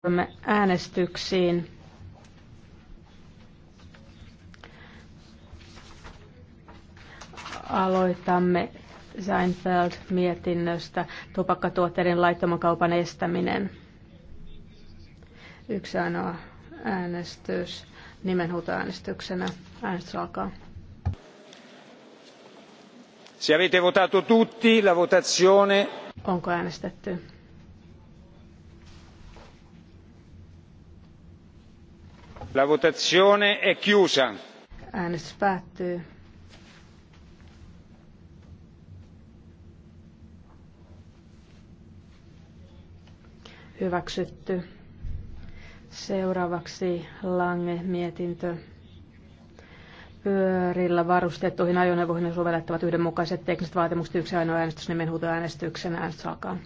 Siirrymme äänestyksiin. Aloitamme Seinfeld-mietinnöstä tupakkatuotteiden laittoman kaupan estäminen. Yksi ainoa äänestys nimenhuutoäänestyksenä. Äänestys alkaa. Se avete votato tutti, la votazione. Onko äänestetty? La votazione è chiusa. Äänestys päättyy. Hyväksytty. Seuraavaksi Lange mietintö. Pyörillä varustettuihin ajoneuvoihin on sovellettavat yhdenmukaiset tekniset vaatimukset yksi ainoa äänestys nimen nimenhuutoäänestyksen. Äänestys alkaa.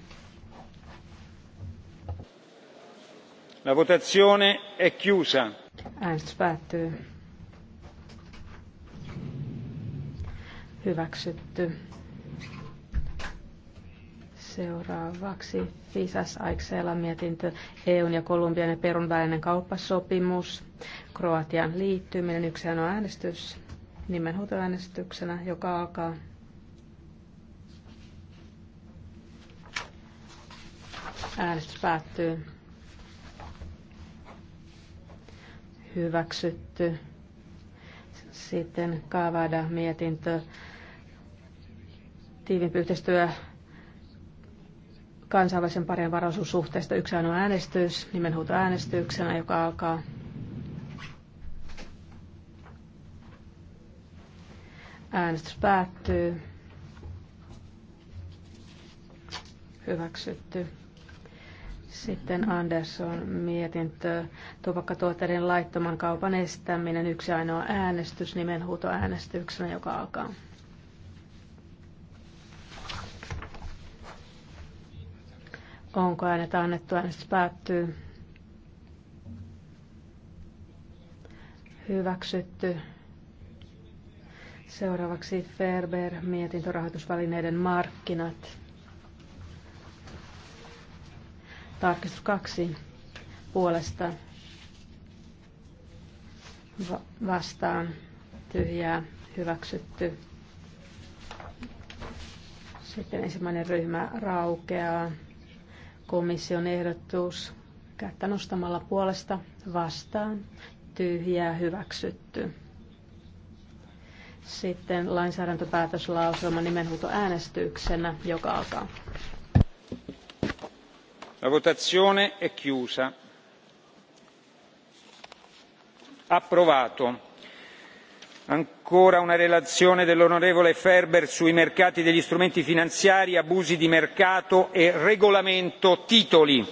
La votazione è chiusa Äänestys päättyy. Hyväksytty. Seuraavaksi Fisas Aikseella mietintö EUn ja Kolumbian ja Perun välinen kauppasopimus, Kroatian liittyminen, yksi on äänestys nimenhuutoäänestyksenä, joka alkaa. Äänestys päättyy. hyväksytty. Sitten Kaavada mietintö, tiivimpi yhteistyö kansainvälisen parien varallisuussuhteesta. Yksi ainoa äänestys, äänestyksenä, joka alkaa. Äänestys päättyy. Hyväksytty. Sitten Andersson mietintö, tupakkatuotteiden laittoman kaupan estäminen, yksi ainoa äänestys, nimenhuutoäänestyksenä, joka alkaa. Onko äänet annettu? Äänestys päättyy. Hyväksytty. Seuraavaksi Ferber, mietintörahoitusvälineiden markkinat. Tarkistus kaksi puolesta vastaan tyhjää hyväksytty. Sitten ensimmäinen ryhmä raukeaa. Komission ehdotus kättä nostamalla puolesta vastaan tyhjää hyväksytty. Sitten lainsäädäntöpäätöslauselma äänestyksenä, joka alkaa la votazione è chiusa. approvato. ancora una relazione dell'onorevole ferber sui mercati degli strumenti finanziari abusi di mercato e regolamento titoli.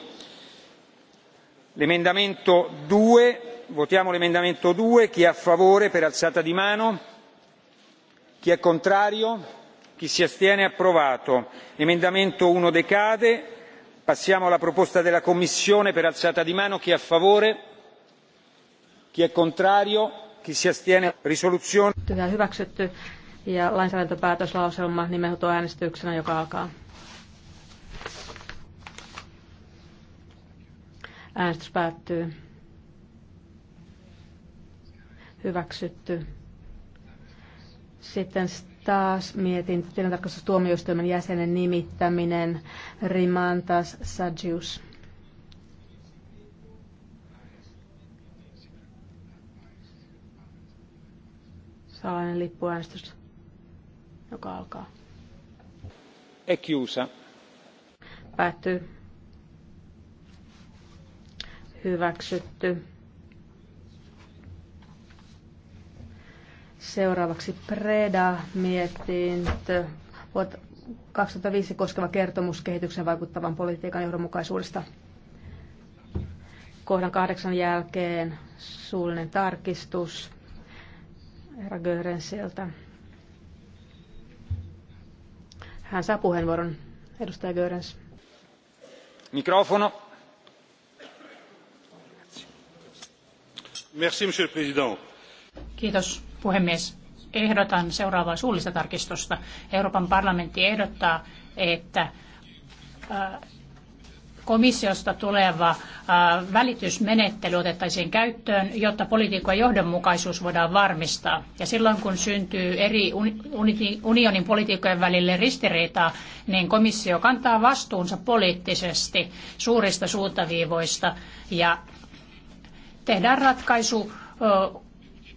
l'emendamento due votiamo l'emendamento due chi è a favore per alzata di mano chi è contrario chi si astiene approvato. emendamento uno decade passiamo alla proposta della commissione per alzata di mano chi è a favore chi è contrario chi si astiene risoluzione hyväksytty ja lainsäädäntöpäätöslauselma nimenhuuto äänestyksenä joka alkaa äänestys päättyy hyväksytty sitten taas mietin tilintarkastustuomioistuimen jäsenen nimittäminen Rimantas Sadjus. Salainen lippuäänestys, joka alkaa. Ekiusa. Päättyy. Hyväksytty. Seuraavaksi Preda-mietintö. 2005 koskeva kertomus kehityksen vaikuttavan politiikan johdonmukaisuudesta. Kohdan kahdeksan jälkeen suullinen tarkistus herra Görensiltä. Hän saa puheenvuoron. Edustaja Görens. Mikrofono. Merci, monsieur le président. Kiitos Puhemies, ehdotan seuraavaa suullista tarkistusta. Euroopan parlamentti ehdottaa, että komissiosta tuleva välitysmenettely otettaisiin käyttöön, jotta poliitikkojen johdonmukaisuus voidaan varmistaa. Ja silloin kun syntyy eri unionin poliitikkojen välille ristiriitaa, niin komissio kantaa vastuunsa poliittisesti suurista suuntaviivoista ja tehdään ratkaisu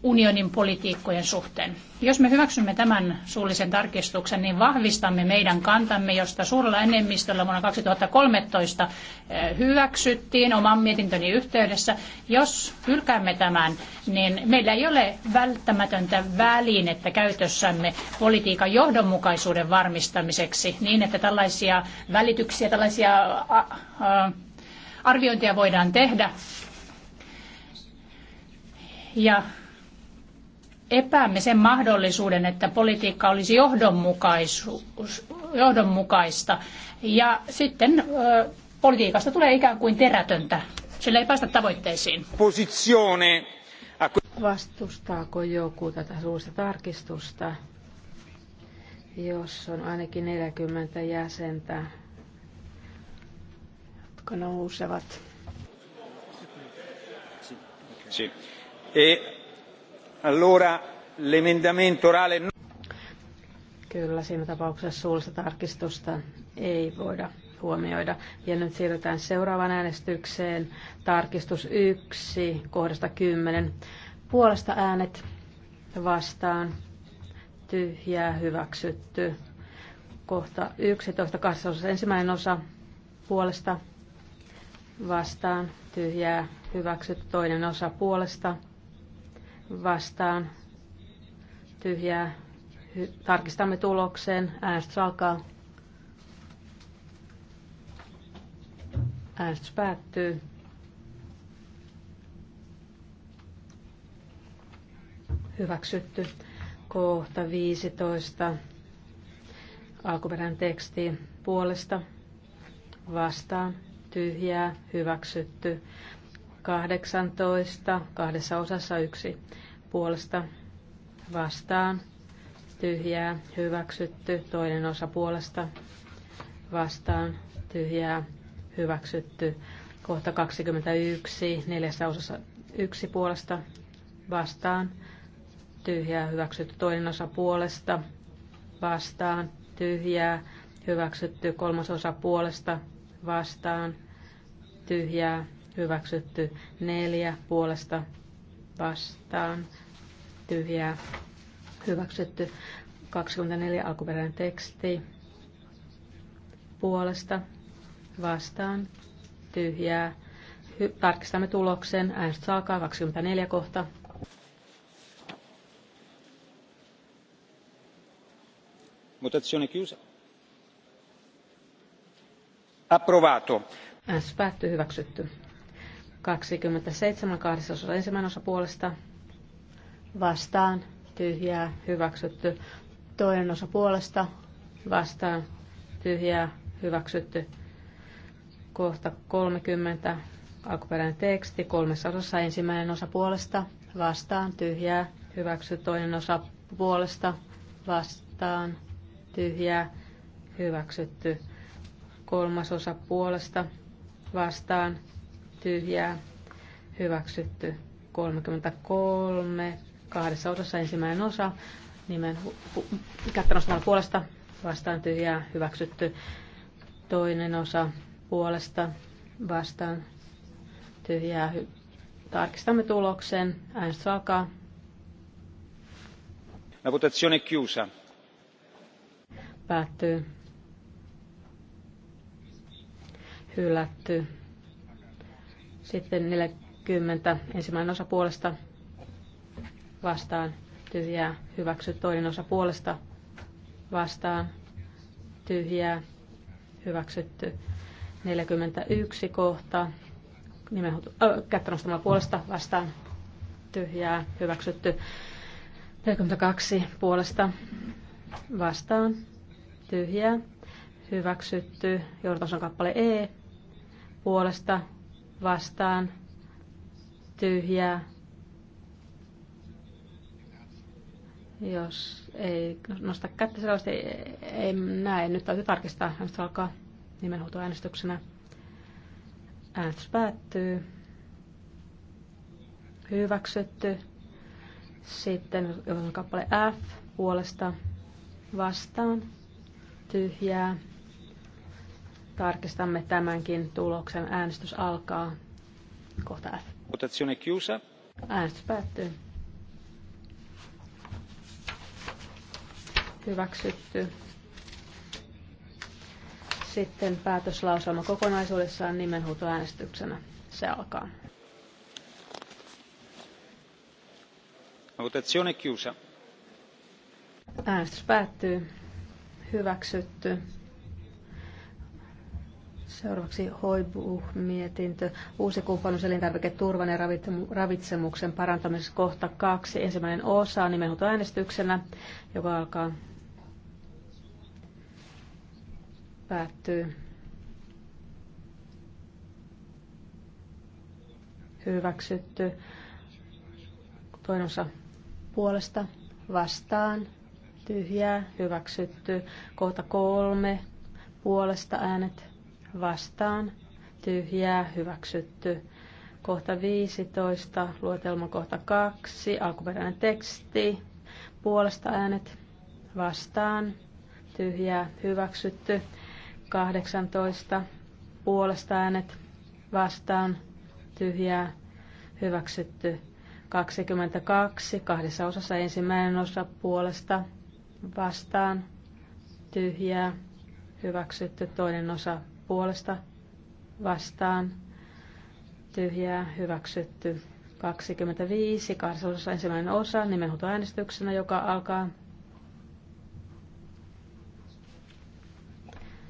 unionin politiikkojen suhteen. Jos me hyväksymme tämän suullisen tarkistuksen, niin vahvistamme meidän kantamme, josta suurella enemmistöllä vuonna 2013 eh, hyväksyttiin oman mietintöni yhteydessä. Jos hylkäämme tämän, niin meillä ei ole välttämätöntä välinettä käytössämme politiikan johdonmukaisuuden varmistamiseksi niin, että tällaisia välityksiä, tällaisia arviointia voidaan tehdä. Ja epäämme sen mahdollisuuden, että politiikka olisi johdonmukaista. Ja sitten ö, politiikasta tulee ikään kuin terätöntä. Sillä ei päästä tavoitteisiin. Posizione. Vastustaako joku tätä suurista tarkistusta, jos on ainakin 40 jäsentä, jotka nousevat? Si. E Allora, l'emendamento orale... No- Kyllä, siinä tapauksessa suullista tarkistusta ei voida huomioida. Ja nyt siirrytään seuraavaan äänestykseen. Tarkistus 1, kohdasta 10. Puolesta äänet vastaan. Tyhjää hyväksytty. Kohta 11, kahdessa ensimmäinen osa puolesta vastaan. Tyhjää hyväksytty. Toinen osa puolesta vastaan tyhjää. Tarkistamme tuloksen. Äänestys alkaa. Äänestys päättyy. Hyväksytty. Kohta 15. Alkuperäinen teksti puolesta vastaan tyhjää hyväksytty. 18, kahdessa osassa yksi puolesta vastaan, tyhjää, hyväksytty, toinen osa puolesta vastaan, tyhjää, hyväksytty. Kohta 21, neljässä osassa yksi puolesta vastaan, tyhjää, hyväksytty, toinen osa puolesta vastaan, tyhjää, hyväksytty, kolmas osa puolesta vastaan, tyhjää, hyväksytty neljä puolesta vastaan, tyhjää, hyväksytty 24 alkuperäinen teksti puolesta vastaan, tyhjää. Hy- tarkistamme tuloksen. Äänestys alkaa 24 kohta. Votazione chiusa. Approvato. Äänestys päättyy hyväksytty. 27 8. ensimmäinen osa puolesta vastaan tyhjää hyväksytty. Toinen osa puolesta vastaan tyhjää hyväksytty. Kohta 30 alkuperäinen teksti kolmessa osassa ensimmäinen osa puolesta vastaan tyhjää hyväksytty toinen osa puolesta vastaan tyhjää hyväksytty kolmas osa puolesta vastaan tyhjää hyväksytty 33 kahdessa osassa ensimmäinen osa nimen kättä puolesta vastaan tyhjää hyväksytty toinen osa puolesta vastaan tyhjää tarkistamme tuloksen äänestys alkaa La votazione chiusa. Päättyy. Hylätty. Sitten 40 ensimmäinen osa puolesta vastaan tyhjää hyväksy toinen osa puolesta vastaan tyhjää hyväksytty 41 kohta äh, kättä nostamalla puolesta vastaan tyhjää hyväksytty 42 puolesta vastaan tyhjää hyväksytty on kappale E puolesta vastaan tyhjää. Jos ei nosta kättä sellaista, ei, ei näe. Nyt täytyy tarkistaa. Äänestys alkaa nimenhuutoäänestyksenä. Äänestys päättyy. Hyväksytty. Sitten kappale F puolesta vastaan. Tyhjää. Tarkistamme tämänkin tuloksen. Äänestys alkaa. Kohta F. Votazione chiusa. Äänestys päättyy. Hyväksytty. Sitten päätöslauselma kokonaisuudessaan nimenhuutoäänestyksenä. Se alkaa. Votazione chiusa. Äänestys päättyy. Hyväksytty. Seuraavaksi Hoibuh mietintö Uusi kumppanuus elintarviketurvan ja ravitsemuksen parantamisessa kohta kaksi. Ensimmäinen osa äänestyksenä, joka alkaa päättyy. Hyväksytty. Toinen osa puolesta vastaan. Tyhjää. Hyväksytty. Kohta kolme puolesta äänet vastaan tyhjää hyväksytty. Kohta 15, luotelma kohta 2, alkuperäinen teksti, puolesta äänet vastaan tyhjää hyväksytty. 18, puolesta äänet vastaan tyhjää hyväksytty. 22, kahdessa osassa ensimmäinen osa puolesta vastaan tyhjää hyväksytty, toinen osa puolesta vastaan tyhjää hyväksytty 25, kahdessa ensimmäinen osa nimenhuutoäänestyksenä, joka alkaa.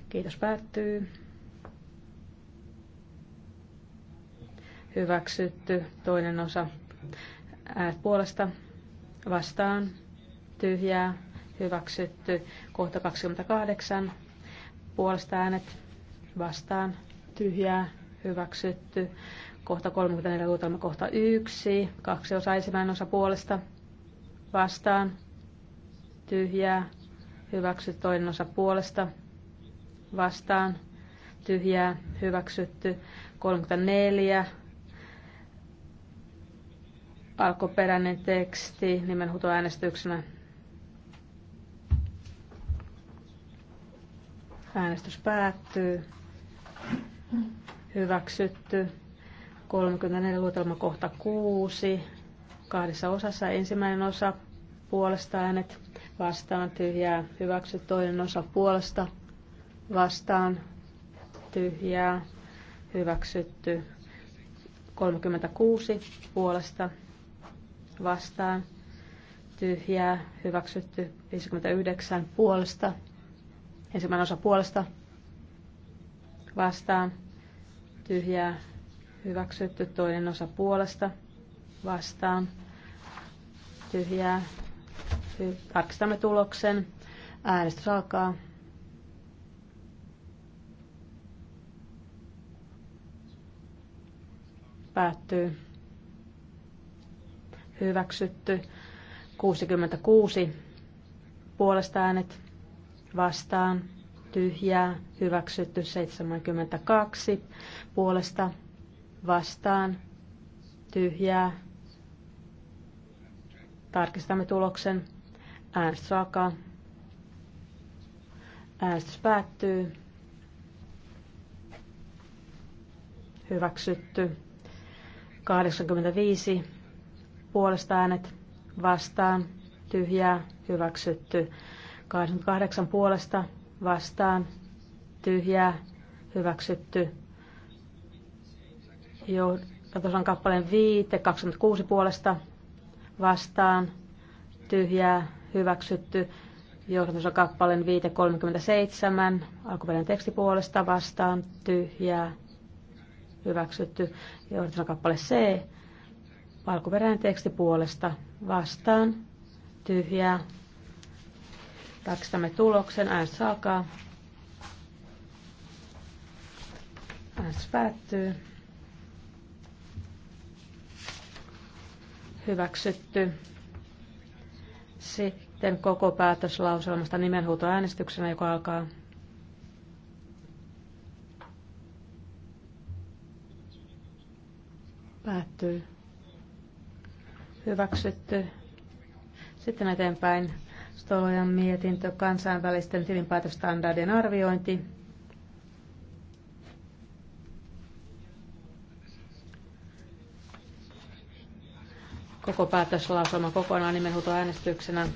Kiitos päättyy. Hyväksytty toinen osa äät puolesta vastaan tyhjää hyväksytty kohta 28 puolesta äänet vastaan tyhjää hyväksytty. Kohta 34 luotelma kohta 1, kaksi osa ensimmäinen osa puolesta vastaan tyhjää hyväksytty toinen osa puolesta vastaan tyhjää hyväksytty. 34 alkuperäinen teksti nimenhuutoäänestyksenä. Äänestys päättyy hyväksytty. 34 luotelma kohta 6, kahdessa osassa ensimmäinen osa puolesta äänet vastaan tyhjää, hyväksy toinen osa puolesta vastaan tyhjää, hyväksytty 36 puolesta vastaan tyhjää, hyväksytty 59 puolesta, ensimmäinen osa puolesta vastaan tyhjää hyväksytty toinen osa puolesta vastaan tyhjää. Tarkistamme tuloksen. Äänestys alkaa. Päättyy. Hyväksytty. 66 puolesta äänet vastaan tyhjää, hyväksytty 72, puolesta vastaan, tyhjää. Tarkistamme tuloksen. Äänestys alkaa. Äänestys päättyy. Hyväksytty. 85. Puolesta äänet vastaan. Tyhjää. Hyväksytty. 28 puolesta vastaan tyhjää hyväksytty. Jo, tuossa on kappaleen viite, 26 puolesta vastaan tyhjää hyväksytty. Johdatus kappaleen 537, alkuperäinen tekstipuolesta vastaan, tyhjää, hyväksytty. Johdatus kappale C, alkuperäinen tekstipuolesta vastaan, tyhjää, Tarkistamme tuloksen. Äänestys alkaa. Äänestys päättyy. Hyväksytty. Sitten koko päätöslauselmasta nimenhuutoäänestyksenä, joka alkaa. Päättyy. Hyväksytty. Sitten eteenpäin Stolojan mietintö, kansainvälisten tilinpäätöstandardien arviointi. Koko päätöslausuma kokonaan äänestyksenä.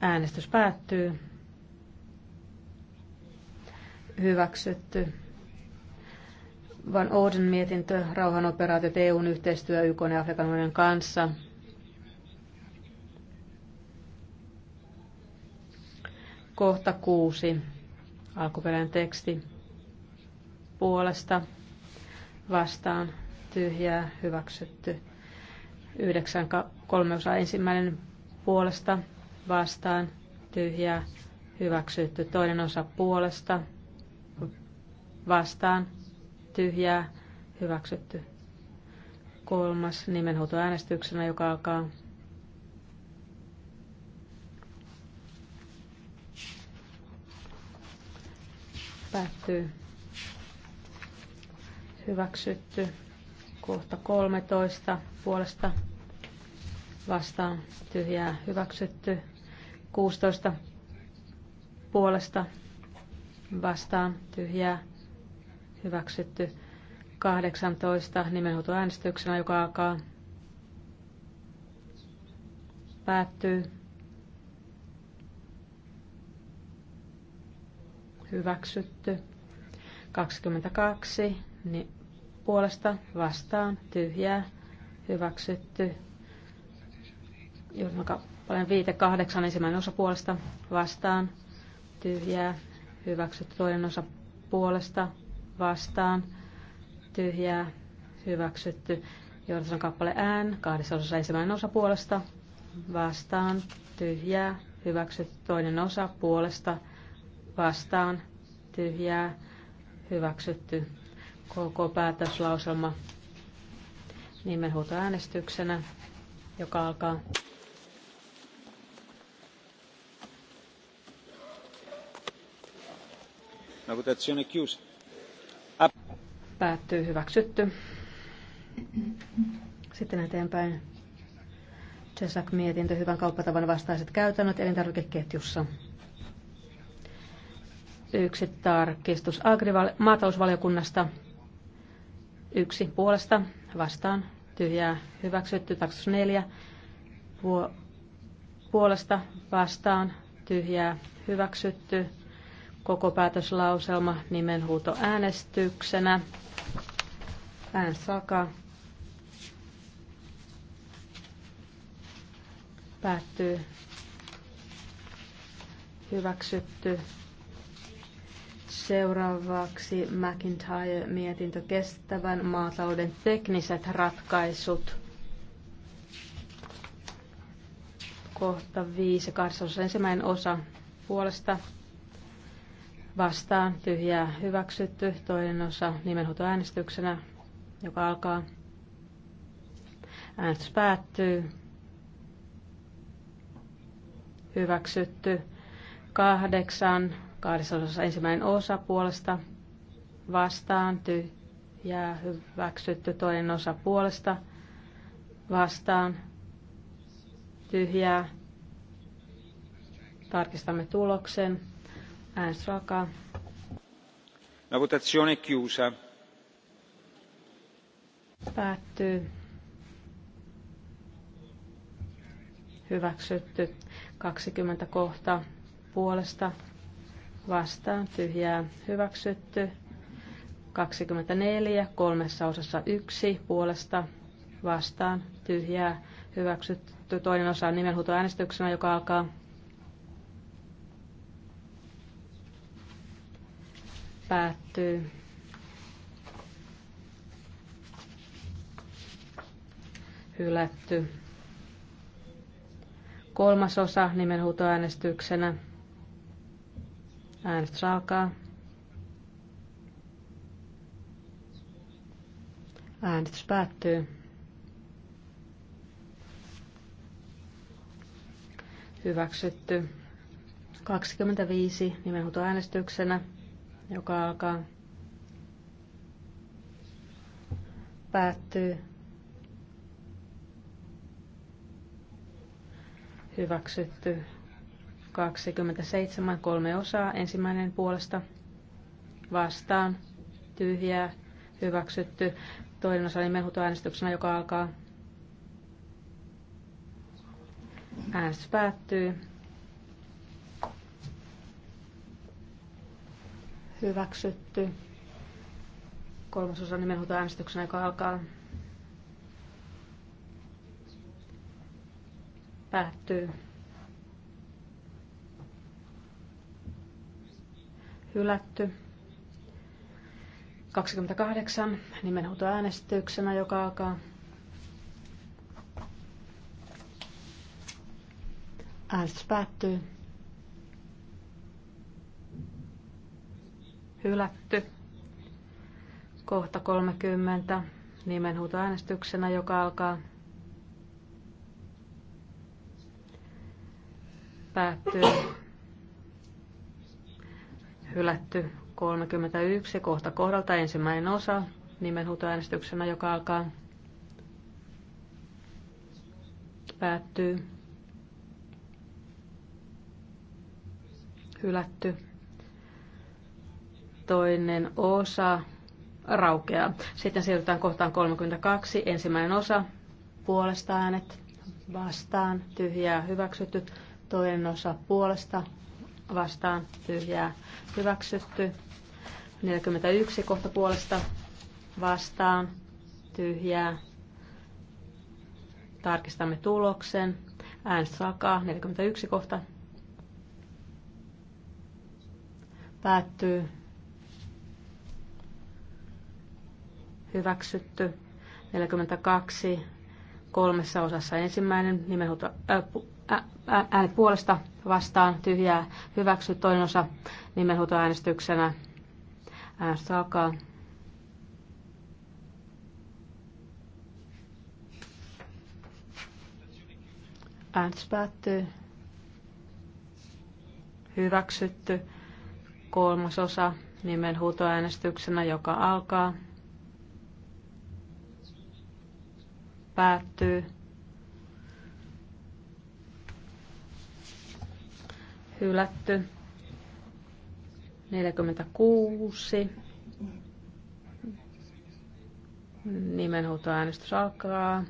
Äänestys päättyy. Hyväksytty. Van Ouden mietintö, rauhanoperaatiot, EUn yhteistyö YK ja Afrikan unionin kanssa. Kohta kuusi, alkuperäinen teksti puolesta vastaan tyhjää hyväksytty. Yhdeksän kolme osa ensimmäinen puolesta vastaan tyhjää hyväksytty. Toinen osa puolesta vastaan tyhjää, hyväksytty. Kolmas äänestyksenä, joka alkaa. Päättyy. Hyväksytty. Kohta 13 puolesta vastaan tyhjää hyväksytty. 16 puolesta vastaan tyhjää hyväksytty 18 äänestyksenä, joka alkaa päättyy. Hyväksytty. 22. Niin puolesta vastaan. Tyhjää. Hyväksytty. Jorma kappaleen 5. 8. Ensimmäinen osa puolesta vastaan. Tyhjää. Hyväksytty. Toinen osa puolesta vastaan tyhjää hyväksytty. Johdatus on kappale ään kahdessa osassa ensimmäinen osa puolesta vastaan tyhjää hyväksytty. Toinen osa puolesta vastaan tyhjää hyväksytty. Koko päätöslauselma äänestyksenä, joka alkaa. La votazione è chiusa. Päättyy. Hyväksytty. Sitten eteenpäin. Cesak-mietintö, hyvän kauppatavan vastaiset käytännöt elintarvikeketjussa. Yksi tarkistus agrival- maatalousvaliokunnasta. Yksi puolesta vastaan tyhjää hyväksytty. Tarkistus neljä puolesta vastaan tyhjää hyväksytty. Koko päätöslauselma nimenhuuto äänestyksenä. Äänestys Päättyy. Hyväksytty. Seuraavaksi McIntyre-mietintö kestävän maatalouden tekniset ratkaisut. Kohta 5, ensimmäinen osa puolesta vastaan tyhjää hyväksytty, toinen osa nimenhuutoäänestyksenä joka alkaa. Äänestys päättyy. Hyväksytty. Kahdeksan, kahdessa ensimmäinen osa puolesta vastaan tyhjää, hyväksytty toinen osa puolesta vastaan tyhjää. Tarkistamme tuloksen. Äänestys alkaa. La votazione è chiusa. Päättyy. Hyväksytty. 20 kohtaa puolesta vastaan tyhjää hyväksytty. 24 kolmessa osassa yksi puolesta vastaan tyhjää hyväksytty. Toinen osa on nimenhuutoäänestyksenä, joka alkaa. Päättyy. hylätty. Kolmas osa nimenhuutoäänestyksenä. Äänestys alkaa. Äänestys päättyy. Hyväksytty. 25 nimenhuutoäänestyksenä, joka alkaa. Päättyy. Hyväksytty 27, kolme osaa. Ensimmäinen puolesta vastaan. Tyhjää. Hyväksytty. Toinen osa äänestyksenä joka alkaa. Äänestys päättyy. Hyväksytty. Kolmasosa äänestyksenä joka alkaa. Päättyy. Hylätty. 28 äänestyksenä, joka alkaa. Äänestys päättyy. Hylätty. Kohta 30 äänestyksenä, joka alkaa. Päättyy. Hylätty 31 kohta kohdalta ensimmäinen osa nimenhuutoäänestyksenä, joka alkaa. Päättyy. Hylätty. Toinen osa raukeaa. Sitten siirrytään kohtaan 32. Ensimmäinen osa. Puolesta äänet vastaan. Tyhjää hyväksytty Toinen osa puolesta vastaan tyhjää hyväksytty. 41 kohta puolesta vastaan tyhjää. Tarkistamme tuloksen. Äänestys alkaa 41 kohta. Päättyy. Hyväksytty. 42 kolmessa osassa ensimmäinen nimenhuuto, äh, äänet puolesta vastaan tyhjää hyväksy toinen osa nimenhuutoäänestyksenä. Äänestys alkaa. Äänestys päättyy. Hyväksytty kolmas osa nimenhuutoäänestyksenä, joka alkaa. Päättyy. hylätty. 46. Nimenhuutoäänestys alkaa.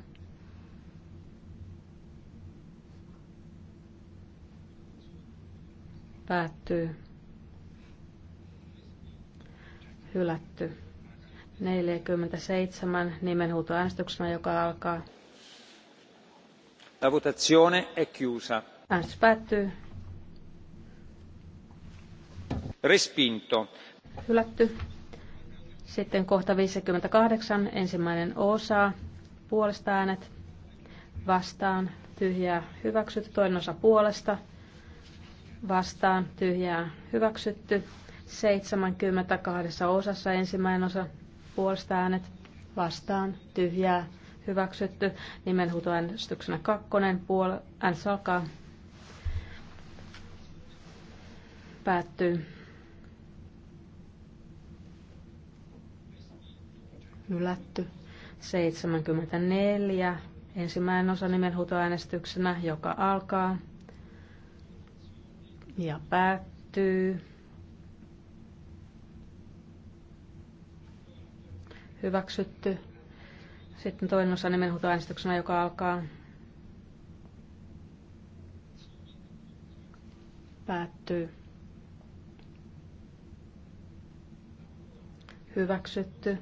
Päättyy. Hylätty. 47 nimenhuutoäänestyksenä, joka alkaa. La votazione è chiusa. Äänestys päättyy respinto. Hylätty. Sitten kohta 58, ensimmäinen osa, puolesta äänet, vastaan, tyhjää, hyväksytty, toinen osa puolesta, vastaan, tyhjää, hyväksytty, 72 osassa, ensimmäinen osa, puolesta äänet, vastaan, tyhjää, hyväksytty, nimenhuutoäänestyksenä kakkonen, puol, äänestys alkaa, päättyy. hylätty. 74. Ensimmäinen osa nimenhuutoäänestyksenä, joka alkaa ja päättyy. Hyväksytty. Sitten toinen osa nimenhuutoäänestyksenä, joka alkaa. Päättyy. Hyväksytty.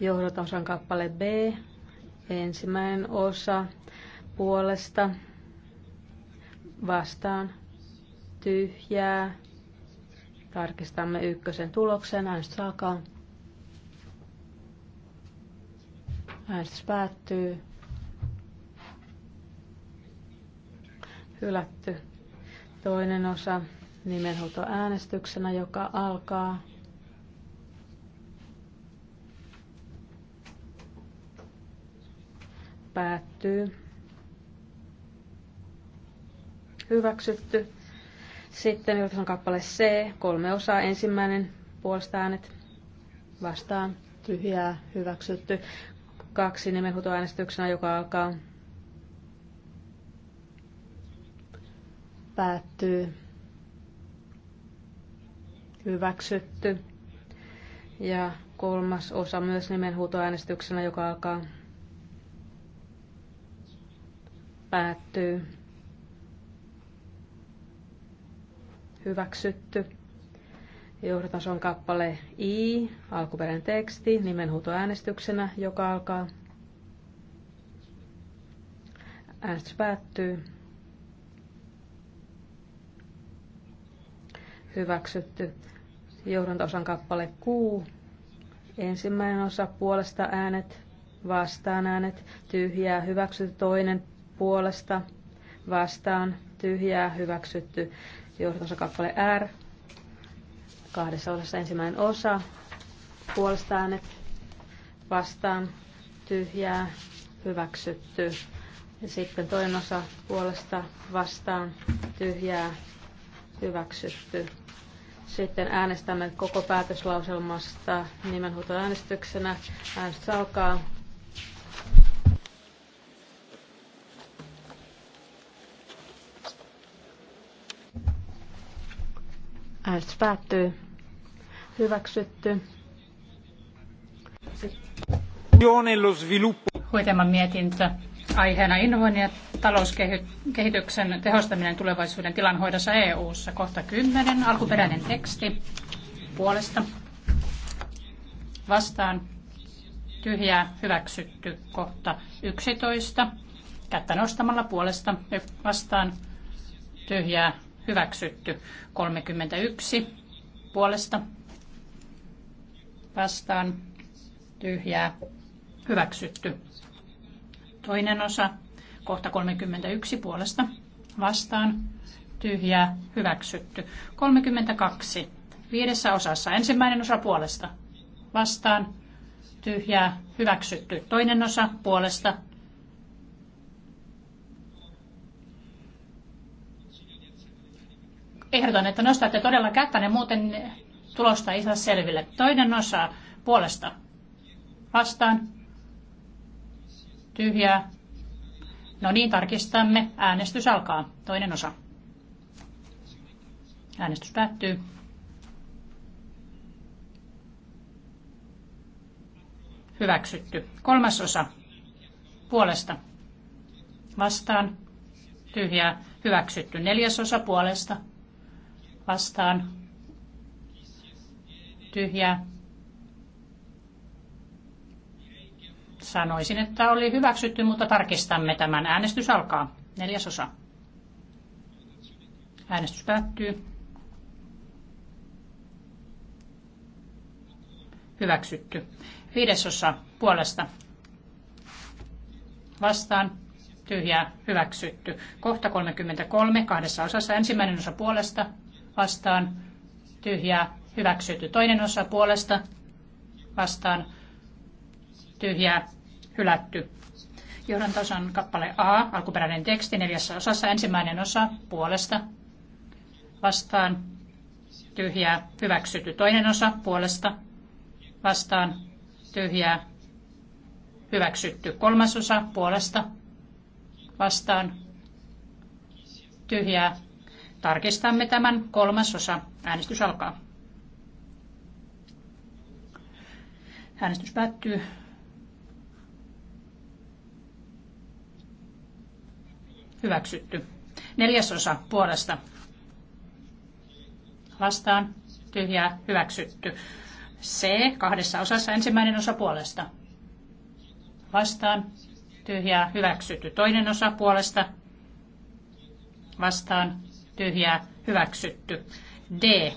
Johdotason kappale B, ensimmäinen osa puolesta vastaan tyhjää. Tarkistamme ykkösen tuloksen. Äänestys alkaa. Äänestys päättyy. Hylätty. Toinen osa nimenhuuto äänestyksenä, joka alkaa. päättyy. Hyväksytty. Sitten on kappale C, kolme osaa. Ensimmäinen puolesta äänet vastaan. Tyhjää hyväksytty. Kaksi nimenhuutoäänestyksenä, joka alkaa. Päättyy. Hyväksytty. Ja kolmas osa myös nimenhuutoäänestyksenä, joka alkaa. Päättyy. Hyväksytty. on kappale I, alkuperäinen teksti, nimenhuutoäänestyksenä, joka alkaa. Äänestys päättyy. Hyväksytty. Johdantosan kappale Q. Ensimmäinen osa puolesta äänet, vastaan äänet, tyhjää, hyväksytty toinen puolesta vastaan tyhjää hyväksytty johdossa kappale R. Kahdessa osassa ensimmäinen osa puolesta äänet vastaan tyhjää hyväksytty. Ja sitten toinen osa puolesta vastaan tyhjää hyväksytty. Sitten äänestämme koko päätöslauselmasta nimenhuutoäänestyksenä. Äänestys alkaa. Äänestys päättyy. Hyväksytty. Hoitaman mietintö aiheena innovoinnin ja talouskehityksen tehostaminen tulevaisuuden tilanhoidossa EU-ssa. Kohta 10. Alkuperäinen teksti puolesta. Vastaan tyhjää hyväksytty. Kohta 11. Kättä nostamalla puolesta vastaan tyhjää hyväksytty. 31 puolesta vastaan tyhjää hyväksytty. Toinen osa kohta 31 puolesta vastaan tyhjää hyväksytty. 32 viidessä osassa ensimmäinen osa puolesta vastaan tyhjää hyväksytty. Toinen osa puolesta ehdotan, että nostatte todella kättänne, muuten tulosta ei saa selville. Toinen osa puolesta vastaan. Tyhjää. No niin, tarkistamme. Äänestys alkaa. Toinen osa. Äänestys päättyy. Hyväksytty. Kolmas osa. Puolesta. Vastaan. Tyhjää. Hyväksytty. Neljäs osa puolesta vastaan tyhjää. Sanoisin, että oli hyväksytty, mutta tarkistamme tämän. Äänestys alkaa. Neljäsosa. Äänestys päättyy. Hyväksytty. Viidesosa puolesta. Vastaan. Tyhjää. Hyväksytty. Kohta 33. Kahdessa osassa. Ensimmäinen osa puolesta vastaan tyhjää hyväksytty. Toinen osa puolesta vastaan tyhjää hylätty. tason kappale A, alkuperäinen teksti neljässä osassa, ensimmäinen osa puolesta vastaan tyhjää hyväksytty. Toinen osa puolesta vastaan tyhjää hyväksytty. Kolmas osa puolesta vastaan tyhjää Tarkistamme tämän kolmasosa. Äänestys alkaa. Äänestys päättyy. Hyväksytty. Neljäsosa puolesta. Vastaan. Tyhjää. Hyväksytty. C. Kahdessa osassa ensimmäinen osa puolesta. Vastaan. Tyhjää. Hyväksytty. Toinen osa puolesta. Vastaan tyhjää hyväksytty. D.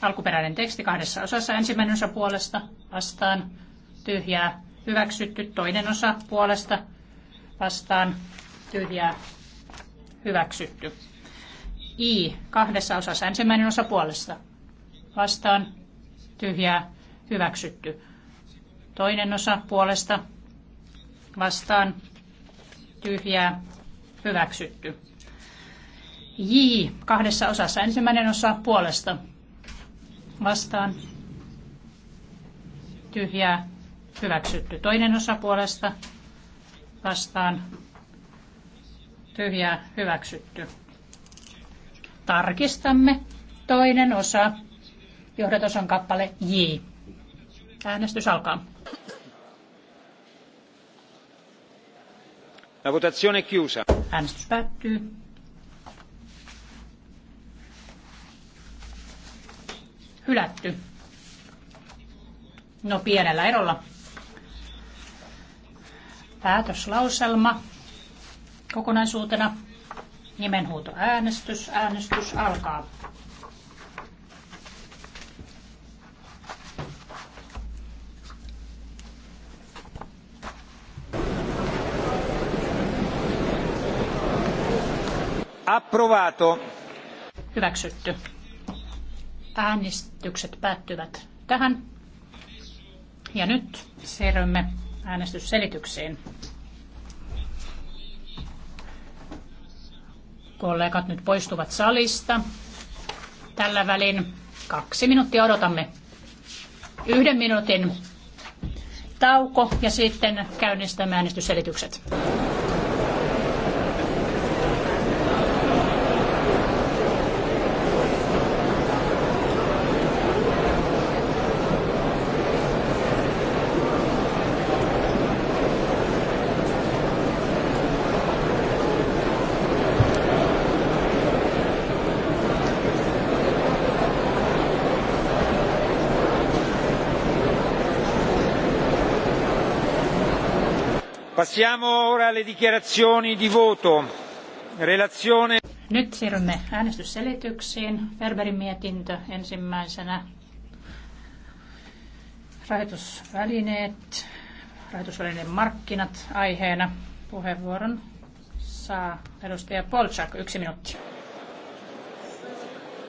Alkuperäinen teksti kahdessa osassa. Ensimmäinen osa puolesta vastaan tyhjää hyväksytty. Toinen osa puolesta vastaan tyhjää hyväksytty. I. Kahdessa osassa. Ensimmäinen osa puolesta vastaan tyhjää hyväksytty. Toinen osa puolesta vastaan tyhjää hyväksytty. J kahdessa osassa. Ensimmäinen osa puolesta vastaan tyhjää hyväksytty. Toinen osa puolesta vastaan tyhjää hyväksytty. Tarkistamme toinen osa, johdatosan kappale J. Äänestys alkaa. La votazione chiusa. Äänestys päättyy. hylätty. No pienellä erolla. Päätöslauselma kokonaisuutena. Nimenhuuto äänestys. Äänestys alkaa. Approvato. Hyväksytty. Äänestykset päättyvät tähän. Ja nyt siirrymme äänestysselitykseen. Kollegat nyt poistuvat salista. Tällä välin kaksi minuuttia odotamme. Yhden minuutin tauko ja sitten käynnistämme äänestysselitykset. Passiamo ora alle dichiarazioni di voto. Relazione... Nyt siirrymme äänestysselityksiin. Ferberin mietintö ensimmäisenä. Rahoitusvälineet, rahoitusvälineen markkinat aiheena. Puheenvuoron saa edustaja Polchak, yksi minuutti.